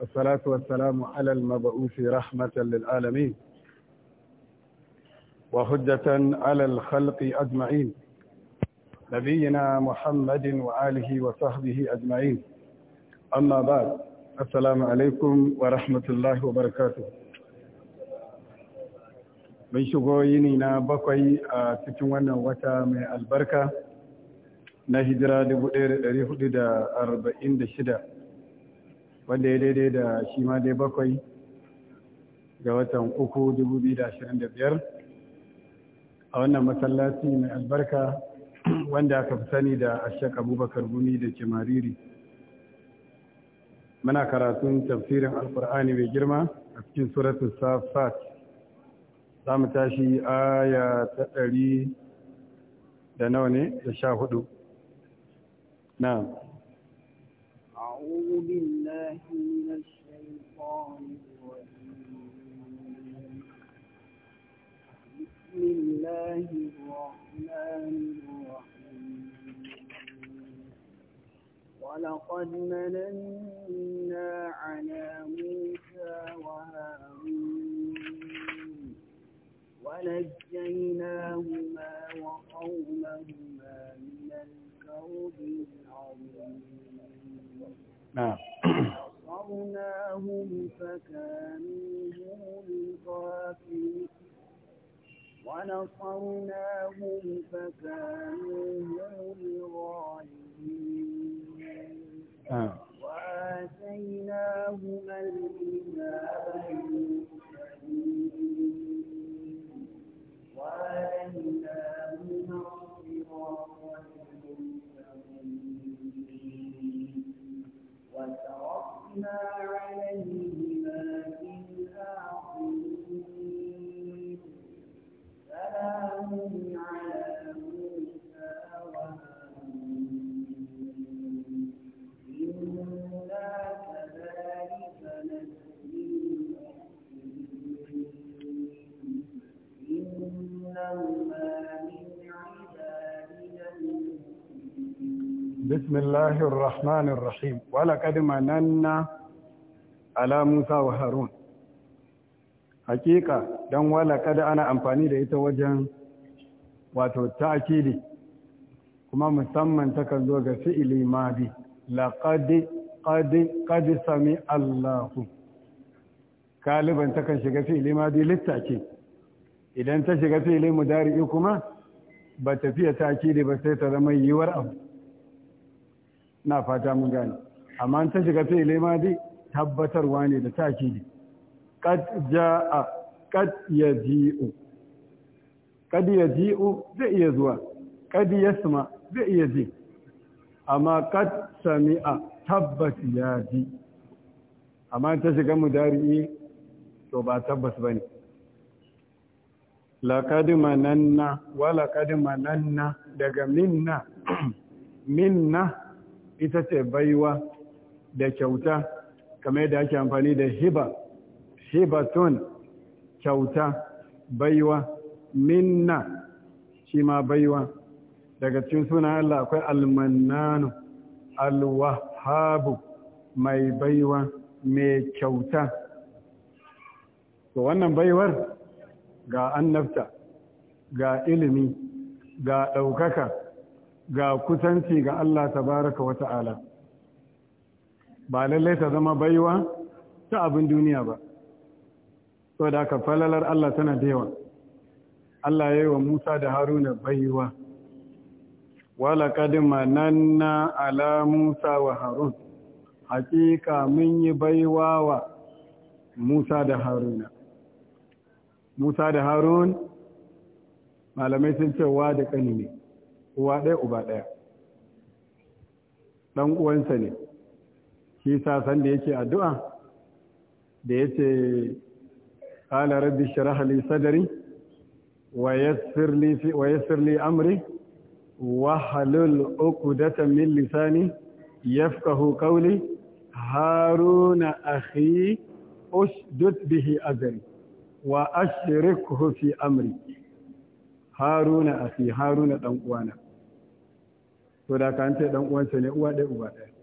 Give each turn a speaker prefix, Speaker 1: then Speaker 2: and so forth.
Speaker 1: والصلاة والسلام على المبعوث رحمة للعالمين وهجة على الخلق أجمعين نبينا محمد وآله وصحبه أجمعين أما بعد السلام عليكم ورحمة الله وبركاته من شغويني نابقي تتوانا وتا من البركة na hijira 1446 wanda ya daidai da shi ma dai bakwai ga watan uku dubu biyu da ashirin da biyar a wannan masallaci mai albarka wanda aka fi sani da ashek abubakar gumi da ke mariri muna karatun tafsirin alkur'ani mai girma a cikin suratun safat za mu tashi aya ta ɗari da nawa ne da sha hudu na
Speaker 2: أعوذ بالله من الشيطان الرجيم بسم الله الرحمن الرحيم ولقد مننا على موسى وهارون ونجيناهما وقومهما نعم فأبصرناهم فكانوا هم الغافلين ونصرناهم فكانوا هم الغالبين
Speaker 1: بسم الله الرحمن الرحيم ولقد مننا على موسى وهارون hakika don wala kada ana amfani da ita wajen wato ta'akidi kuma musamman takan zo ga fi'ili ma bi laqad qad qad sami Allahu kaliban takan shiga fi'ili ma bi littake idan ta shiga fi'ili mudari kuma ba tafiya fiye ba sai ta zama yiwar abu na fata mun gane amma ta shiga fi'ile ma dai tabbatarwa ne da takidi qad jaa qad yaji'u qad yaji'u zai iya zuwa qad yasma zai iya ji amma qad sami'a tabbas ya ji amma ta shiga mudari'i to ba tabbas bane laqad mananna wa laqad mananna daga minna minna ita ce baiwa da kyauta kamar yadda ake amfani da hiba hibatun kyauta baiwa minna shi ma baiwa daga cikin suna Allah akwai almannanu alwahabu mai baiwa mai kyauta to wannan baiwar ga annabta ga ilimi ga ɗaukaka ga kusanci ga Allah ta baraka wa ta'ala ba lallai ta zama baiwa ta abin duniya ba so da aka falalar Allah tana da yawa Allah ya yi wa Musa da Haruna baiwa wala kadin na ala Musa wa Harun hakika mun yi baiwa wa Musa da Haruna Musa da Harun malamai sun cewa da ƙani ne uwa ɗaya uba ɗaya ɗan uwansa ne shi sasan da yake addu'a da ya ce ƙala rabbi shirah sadari wa yassir li amri wa halul uqdatan min lisani yafqahu qawli haruna akhi usdud bihi azri wa ashrikhu fi amri haruna akhi haruna dan uwana to da ka an ce dan uwansa ne uwa ɗaya uba ɗaya